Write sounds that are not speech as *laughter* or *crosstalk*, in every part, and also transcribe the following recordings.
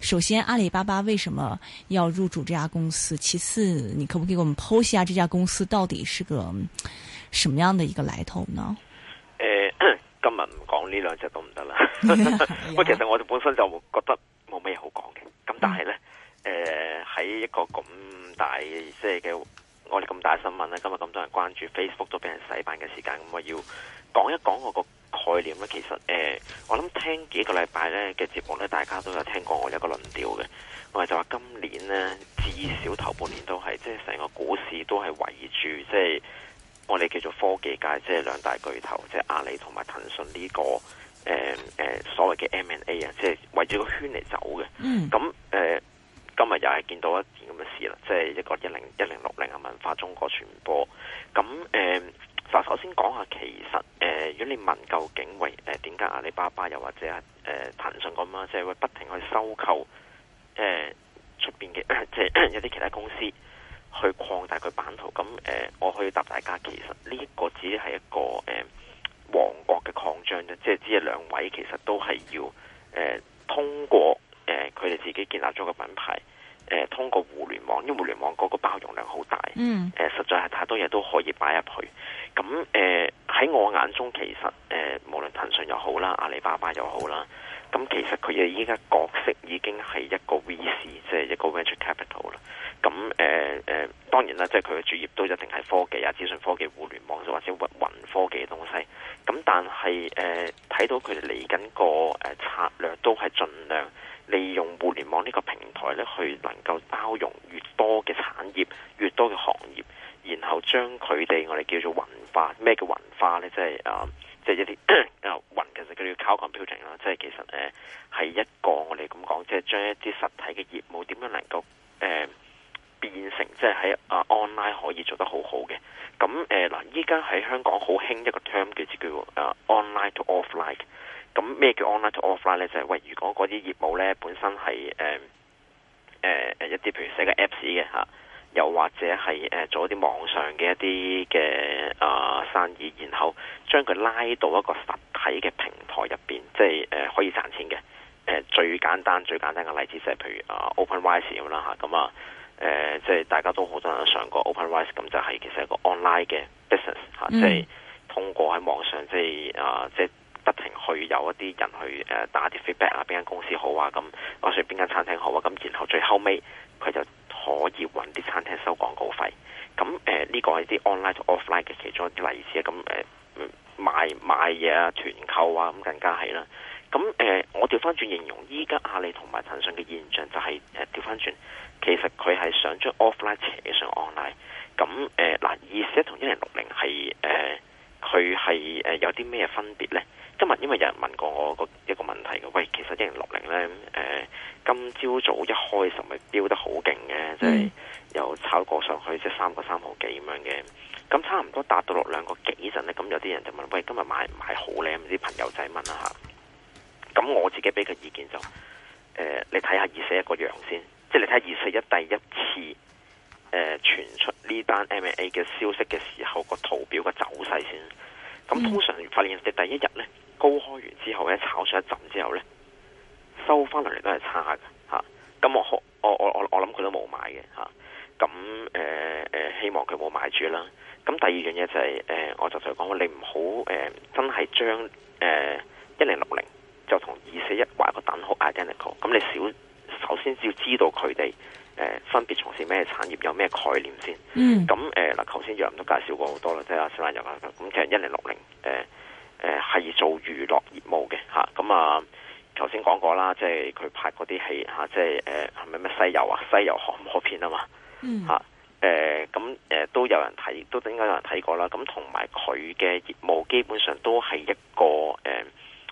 首先，阿里巴巴為什麼要入駐這家公司？其次，你可唔可以給我們剖析下這家公司到底是個什麼樣的一個來頭呢？誒、呃，今日唔講呢兩隻都唔得啦。 *laughs* *laughs* *laughs* *laughs* *laughs* 我其實我本身就覺得冇咩好講嘅。咁但係咧，誒、嗯、喺、呃、一個咁大嘅即係嘅我哋咁大嘅新聞咧，今日咁多人關注 Facebook 都俾人洗版嘅時間，咁我要。講一講我個概念咧，其實誒、呃，我諗聽幾個禮拜咧嘅節目咧，大家都有聽過我一個論調嘅，我哋就話今年咧至少頭半年都係，即係成個股市都係圍住，即係我哋叫做科技界，即係兩大巨頭，即係阿里同埋騰訊呢、這個誒誒、呃、所謂嘅 M&A 啊，即係圍住個圈嚟走嘅。咁、嗯、誒、呃、今日又係見到一件咁嘅事啦，即係一個一零一零六零嘅文化中國傳播。咁誒。呃首先講下其實，誒，如果你問究竟為誒點解阿里巴巴又或者係誒騰訊咁樣，即、呃、係會不停去收購誒出邊嘅，即係一啲其他公司去擴大佢版圖。咁誒、呃，我可以答大家，其實呢一個只係一個誒王國嘅擴張啫，即係只係兩位其實都係要誒、呃、通過誒佢哋自己建立咗個品牌。誒通過互聯網，因為互聯網嗰個包容量好大，誒實在係太多嘢都可以擺入去。咁誒喺我眼中其實誒無論騰訊又好啦，阿里巴巴又好啦，咁其實佢哋依家角色已經係一個 VC，即係一個 venture capital 啦。咁誒誒當然啦，即係佢嘅主業都一定係科技啊、資訊科技、互聯網或者雲科技嘅東西。咁但係誒睇到佢哋嚟緊個誒策略都係盡量，利用互聯網呢個平台咧，去能夠包容越多嘅產業、越多嘅行業，然後將佢哋我哋叫做雲化。咩叫雲化呢？即係啊、呃，即係一啲啊、呃、雲其實叫做 cloud computing 啦。即係其實誒係一個我哋咁講，即係將一啲實體嘅業務點樣能夠誒變成即係喺啊 online 可以做得好好嘅。咁誒嗱，依家喺香港好興一個 term 叫做啊 online to offline。咁咩叫 online to offline 咧？就係、是、喂，如果嗰啲業務咧本身係一啲，譬、呃呃、如寫個 Apps 嘅嚇又或者係誒做一啲網上嘅一啲嘅啊生意，然後將佢拉到一個實體嘅平台入邊，即、就、係、是呃、可以賺錢嘅、呃。最簡單最簡單嘅例子就係譬如、呃、啊 Open Wise 咁啦，咁啊即係大家都好多人上過 Open Wise，咁就係其實係一個 online 嘅 business 即、啊、係、嗯就是、通過喺網上即係啊即。呃即不停去有一啲人去誒、呃、打啲 feedback 啊，邊間公司好啊，咁我説邊間餐廳好啊，咁然後最後尾佢就可以揾啲餐廳收廣告費。咁誒呢個係啲 online to offline 嘅其中一啲例子啊。咁誒賣賣嘢啊，團購啊，咁、啊、更加係啦。咁、啊、誒、啊、我調翻轉形容依家阿里同埋騰訊嘅現象就係誒調翻轉，其實佢係想將 offline 扯上 online，啊。咁誒嗱，二四一同一零六零係誒佢係誒有啲咩分別呢？今日因為有人問過我個一個問題嘅，喂，其實一零六零咧，誒、呃，今朝早，早一開十咪飆得好勁嘅，即、嗯、係、就是、又炒過上去，即係三個三毫幾咁樣嘅，咁差唔多達到落兩個幾陣咧，咁有啲人就問，喂，今日買唔買好咧？啲朋友仔問啦嚇，咁、嗯、我自己俾嘅意見就，誒、呃，你睇下二四一個樣先，即係你睇下二四一第一次，誒、呃，傳出呢單 M&A 嘅消息嘅時候、那個圖表嘅走勢先，咁通常發現嘅第一日咧。嗯呢高開完之後咧，炒上一浸之後咧，收翻落嚟都係差嘅吓。咁我我我我我諗佢都冇買嘅吓。咁誒誒，希望佢冇買住啦。咁第二樣嘢就係、是、誒、呃，我就就講你唔好誒，真係將誒一零六零就同二四一畫個等號 identical。咁你少首先要知道佢哋誒分別從事咩產業，有咩概念先。咁誒嗱，頭先楊都介紹過好多啦，即係阿小萬仁啦，咁就一零六零誒。誒、呃、係做娛樂業務嘅嚇，咁啊頭先講過啦，即係佢拍嗰啲戲嚇、啊，即係誒係咪咩西遊啊？西遊降魔篇嘛、嗯，啊嘛嚇，誒咁誒都有人睇，都應該有人睇過啦。咁同埋佢嘅業務基本上都係一個誒、呃，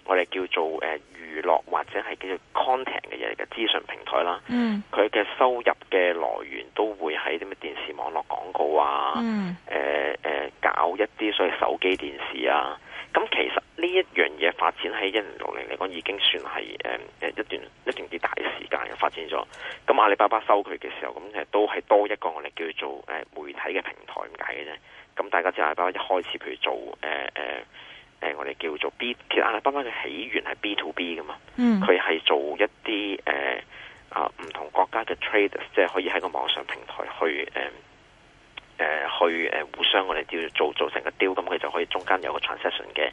我哋叫做誒、呃、娛樂或者係叫做 content 嘅嘢嘅資訊平台啦。嗯，佢嘅收入嘅來源都會喺啲咩電視網絡廣告啊？嗯，誒誒搞一啲所以手機電視啊。咁其實呢一樣嘢發展喺一零六零嚟講已經算係一段一段啲大時間嘅發展咗。咁阿里巴巴收佢嘅時候，咁誒都係多一個我哋叫做媒體嘅平台咁解嘅啫。咁大家知阿里巴巴一開始佢做誒、呃呃、我哋叫做 B，其實阿里巴巴嘅起源係 B to B 噶嘛。嗯，佢係做一啲誒啊唔同國家嘅 traders，即係可以喺個網上平台去、呃誒、呃、去、呃、互相我，我哋叫做做成個 deal。e 咁佢就可以中間有一個 transaction 嘅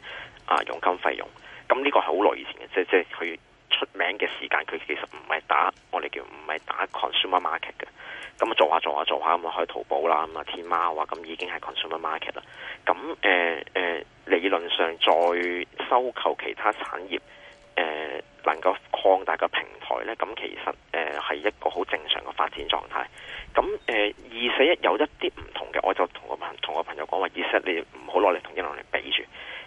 啊佣金費用。咁呢個係好耐以前嘅，即即係佢出名嘅時間，佢其實唔係打我哋叫唔係打 consumer market 嘅。咁做下做下做下咁啊，開淘寶啦，咁啊天貓啊，咁已經係 consumer market 啦。咁誒、呃呃、理論上再收購其他產業。能夠擴大個平台呢，咁其實誒係、呃、一個好正常嘅發展狀態。咁誒二四一有一啲唔同嘅，我就同我朋同我朋友講話：二四，你唔好攞嚟同一零六零比住，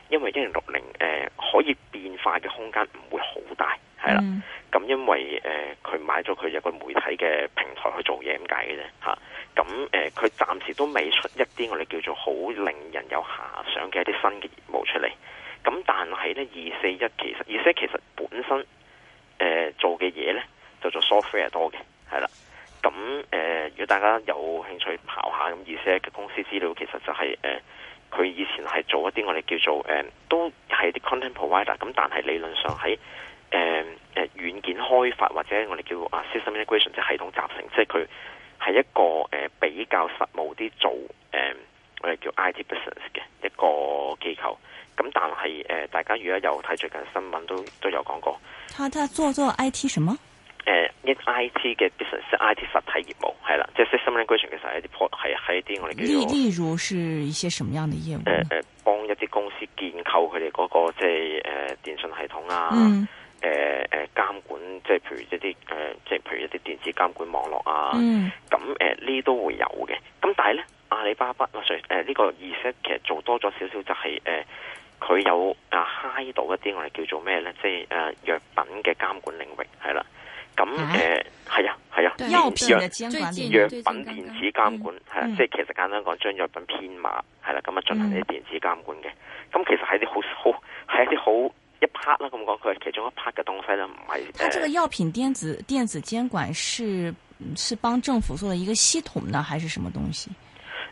因為一零六零誒可以變化嘅空間唔會好大，係啦。咁、嗯、因為誒佢、呃、買咗佢一個媒體嘅平台去做嘢咁解嘅啫嚇。咁誒佢暫時都未出一啲我哋叫做好令人有遐想嘅一啲新嘅業務出嚟。咁但係呢二四一其實，二四一其實本身，呃、做嘅嘢呢，就做 software 多嘅，係啦。咁、呃、如果大家有興趣跑下，咁二四一嘅公司資料其實就係、是、誒，佢、呃、以前係做一啲我哋叫做、呃、都係啲 content provider。咁但係理論上喺誒、呃呃、軟件開發或者我哋叫啊 system integration 即係系統集成，即係佢係一個、呃、比較實務啲做、呃、我哋叫 IT business 嘅一個機構。咁但係誒、呃，大家如果有睇最近新聞都，都都有講過。他他做做 I T 什麼誒，一、呃、I T 嘅 business，I T 實體業務係啦，即係 system integration 其實係，一啲係一啲我哋嘅例例如，是一些什麼樣嘅業務？誒、呃、誒，幫、呃、一啲公司建構佢哋嗰個即係誒、呃、電信系統啊，誒誒監管，即係譬如一啲誒、呃，即係譬如一啲電子監管網絡啊。咁誒呢都會有嘅。咁但係咧，阿里巴巴啊，雖、這、呢個意思其實做多咗少少，就係誒。佢有啊嗨到一啲我哋叫做咩咧？即係誒，藥、啊、品嘅監管領域係啦。咁誒，係、嗯、啊，係啊，藥品嘅監管，藥品電子監管係啦、嗯嗯。即係其實簡單講，將藥品編碼係啦，咁啊進行啲電子監管嘅。咁其實係啲好一好啲好一 part 啦。咁講佢係其中一 part 嘅東西啦，唔係。佢個藥品電子電子監管係係幫政府做咗一個系統呢，還是什麼東西？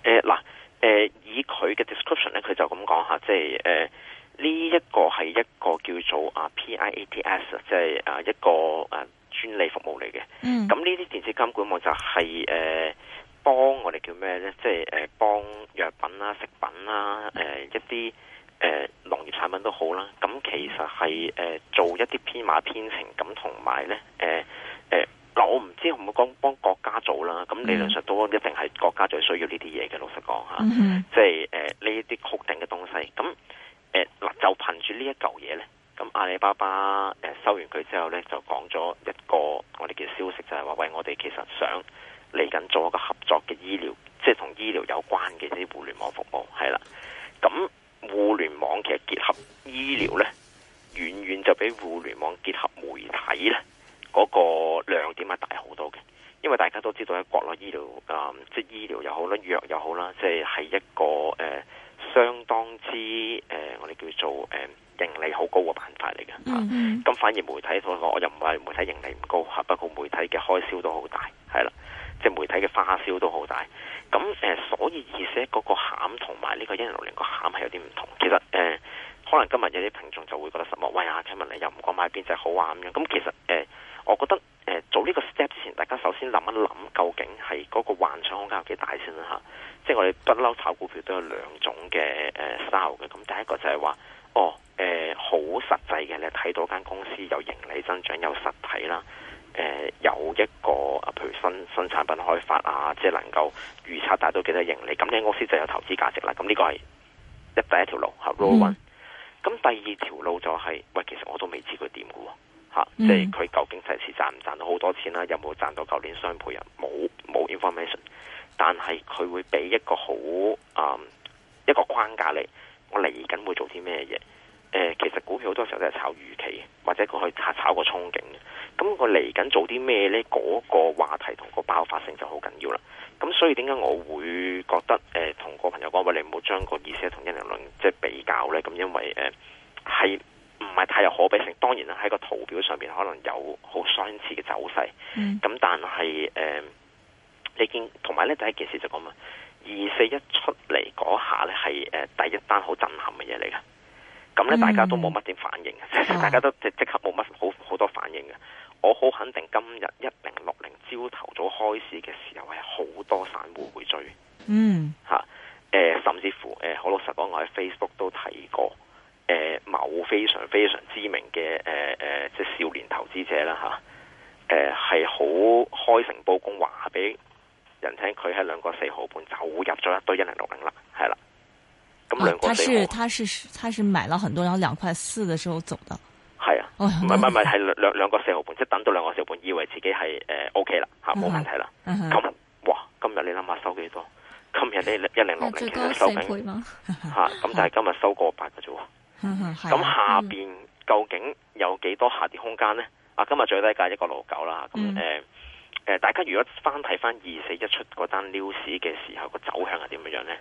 誒、啊、嗱，誒、啊啊、以佢嘅 description 咧，佢就咁講吓，即係誒。呢、這、一個係一個叫做啊 P.I.A.T.S.，即係啊一個誒專利服務嚟嘅。咁呢啲電子監管網就係誒幫我哋叫咩呢？即係誒幫藥品啦、食品啦、誒、呃、一啲誒農業產品都好啦。咁其實係誒、呃、做一啲編碼編程，咁同埋呢，誒誒嗱，我唔知可唔可幫幫國家做啦。咁理論上都一定係國家最需要呢啲嘢嘅。老實講吓，即係誒呢啲確定嘅東西咁。呃、嗱、就憑住呢一嚿嘢呢，咁阿里巴巴、呃、收完佢之後呢，就講咗一個我哋嘅消息就，就係話喂，我哋其實想嚟緊做一個合作嘅醫療，即係同醫療有關嘅啲互聯網服務，係啦。咁互聯網其實結合醫療呢，遠遠就畀互聯網結合。媒體我又唔係媒體盈利唔高嚇，不過媒體嘅開銷都好大，係啦，即係媒體嘅花銷都好大。咁誒、呃，所以而且嗰個餡同埋呢個一零六零個餡係有啲唔同。其實誒、呃，可能今日有啲聽眾就會覺得什麼？喂，阿 Kevin 你又唔講買邊隻好啊咁樣？咁其實誒、呃，我覺得誒、呃、做呢個 step 之前，大家首先諗一諗，究竟係嗰個幻想空間有幾大先啦嚇、啊。即係我哋不嬲炒股票都有兩種嘅誒 style 嘅，咁第一個就係話。哦，誒、呃，好實際嘅你睇到間公司有盈利增長，有實體啦，誒、呃，有一個啊，譬如新新產品開發啊，即係能夠預測達到幾多盈利，咁呢間公司就有投資價值啦。咁呢個係一第一條路吓，row one。咁、嗯、第二條路就係、是，喂，其實我都未知佢點嘅喎，吓、啊嗯，即係佢究竟第時賺唔賺到好多錢啦、啊？有冇賺到舊年雙倍啊？冇冇 information，但係佢會俾一個好啊、嗯、一個框架嚟。我嚟緊會做啲咩嘢？誒、呃，其實股票好多時候都係炒預期，或者佢去炒，炒個憧憬。咁我嚟緊做啲咩咧？嗰、那個話題同個爆發性就好緊要啦。咁所以點解我會覺得誒，同、呃、個朋友講，話，你唔好將個意思同一人論即係比較咧。咁因為誒係唔係太有可比性。當然啦，喺個圖表上邊可能有好相似嘅走勢。咁、mm. 嗯、但係誒、呃，你見同埋咧第一件事就講乜？二四一出嚟嗰下呢，係誒第一單好震撼嘅嘢嚟嘅。咁呢，大家都冇乜點反應，大家都即即、啊、刻冇乜好好多反應嘅。我好肯定，今日一零六零朝頭早開市嘅時候，係好多散戶會追。嗯。是，他是，他是買了很多，然後兩塊四的時候走的。係啊，唔唔唔，係兩兩兩個四毫半，即 *laughs* 係等到兩個四毫半，以為自己係誒、呃、OK 啦，吓冇問題啦。咁、嗯嗯嗯，哇，今日你諗下收幾多？今日呢一零六零其實收平，吓咁、 *laughs* 啊，但係今日收過八嘅啫。咁、嗯嗯、下邊、嗯、究竟有幾多下跌空間呢？啊，今日最低價一個六九啦。咁誒誒，大家如果翻睇翻二四一出嗰單 news 嘅時候，個走向係點樣樣呢？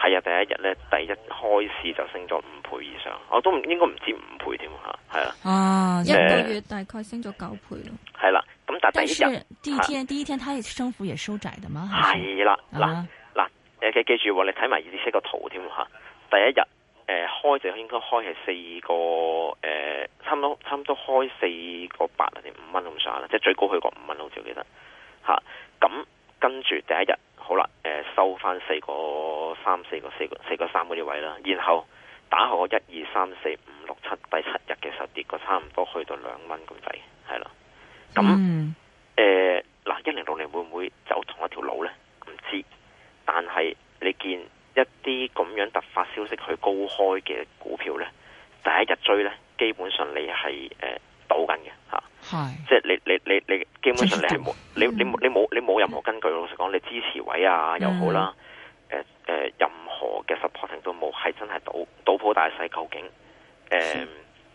係啊，第一日咧，第一日開市就升咗五倍以上，我都唔應該唔止五倍添啊，係、嗯、啦。一個月大概升咗九倍咯。係啦，咁但係第二日，第二天第一天，它、啊、升幅也收窄嘅嘛。係、啊、啦，嗱嗱，記住喎，你睇埋啲啲個圖添啊，第一日誒、呃、開就應該開係四個誒、呃，差唔多差唔多開四個八定五蚊咁上下啦，即、就、係、是、最高去過五蚊，好似記得吓咁。啊。跟住第一日好啦，呃、收翻四個三、四個四個四個三嗰啲位啦，然後打開一二三四五六七，第七日嘅時候跌個差唔多去到兩蚊咁滯，係啦。咁誒嗱，一零六零會唔會走同一條路咧？唔知。但係你見一啲咁樣突發消息去高開嘅股票咧，第一日追咧，基本上你係、呃、倒緊嘅即係你你你你，你基本上你係冇。你你冇你冇任何根據，老實講，你支持位啊又、mm -hmm. 好啦，誒、呃、誒任何嘅 supporting 都冇，係真係賭賭鋪大細究竟誒誒、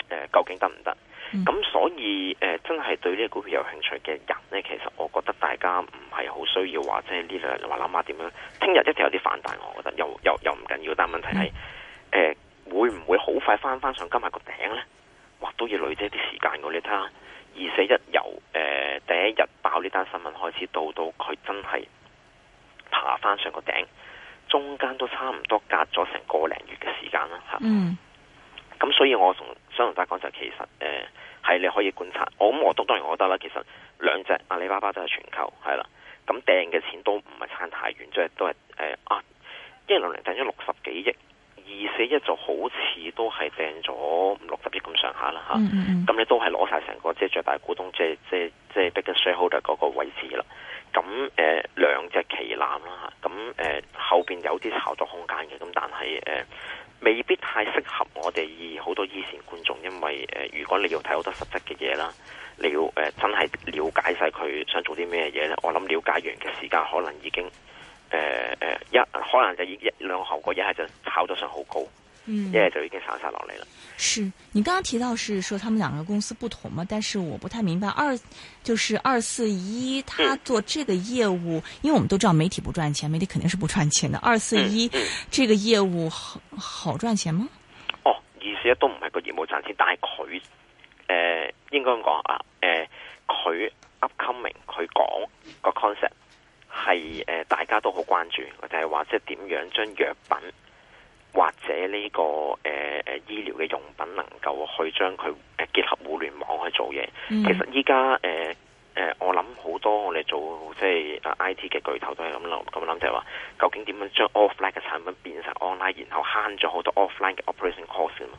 呃呃、究竟得唔得？咁、mm -hmm. 所以誒、呃、真係對呢個股票有興趣嘅人呢，其實我覺得大家唔係好需要話即係呢兩日話諗下點樣。聽日一定有啲反彈，我覺得又又唔緊要，但問題係誒、mm -hmm. 呃、會唔會好快翻翻上今日個頂呢？哇，都要累積啲時間㗎，你睇下二四一。241, 至到到佢真係爬翻上個頂，中間都差唔多隔咗成個零月嘅時間啦，吓。咁、嗯、所以我同想同大家講就係其實誒係、呃、你可以觀察，我咁我都當然我覺得啦。其實兩隻阿里巴巴都係全球係啦，咁掟嘅錢都唔係差太遠，即係都係誒啊，一零零賺咗六十幾億。二四一就好似都係掟咗五六十億咁上下啦吓，咁、mm -hmm. 你都係攞晒成個即係最大股東即係即係即係 big shareholder 嘅嗰個位置啦。咁誒，兩、呃、隻旗艦啦，咁誒後邊有啲炒作空間嘅，咁但係誒、呃、未必太適合我哋以好多以前觀眾，因為誒、呃、如果你要睇好多實質嘅嘢啦，你要誒、呃、真係了解晒佢想做啲咩嘢咧，我諗了解完嘅時間可能已經。誒、呃、誒、呃，一可能就一兩個後果，一係就炒咗上好高，嗯，一係就已經散晒落嚟啦。是你剛剛提到是說他們兩個公司不同嘛？但是我不太明白二，就是二四一，他做這個業務、嗯，因為我們都知道媒體不賺錢，媒體肯定是不賺錢的。二四一這個業務好，好賺錢嗎？哦，意思咧都唔係個業務賺錢，但係佢誒，應該講啊，誒、呃，佢 upcoming 佢講個 concept。係誒，大家都好關注，就係話即係點樣將藥品或者呢、這個誒誒、呃、醫療嘅用品，能夠去將佢誒結合互聯網去做嘢、嗯。其實依家誒誒，我諗好多我哋做即係 IT 嘅巨頭都係咁諗，咁諗就係話，究竟點樣將 offline 嘅產品變成 online，然後慳咗好多 offline 嘅 operating cost 啊？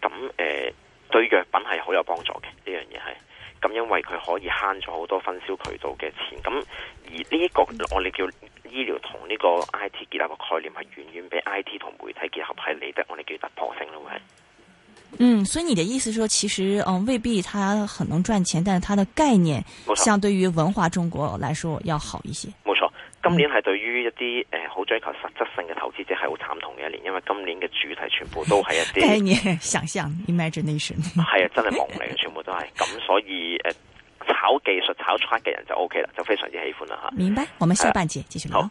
咁誒、呃，對藥品係好有幫助嘅呢樣嘢係。這件事是咁因為佢可以慳咗好多分銷渠道嘅錢，咁而呢個我哋叫醫療同呢個 IT 結合嘅概念係遠遠比 IT 同媒體結合係嚟得，我哋叫突破性咯，係。嗯，所以你的意思說，其實嗯未必，它很能賺錢，但係它的概念，相對於文化中國來說要好一些。嗯、今年係對於一啲誒，好追求實質性嘅投資者係好慘痛嘅一年，因為今年嘅主題全部都係一啲想象 imagination，係啊，真係夢嚟嘅，全部都係。咁所以誒、呃、炒技術炒 chart 嘅人就 OK 啦，就非常之喜歡啦吓。明白，我們下半節繼續咯。啊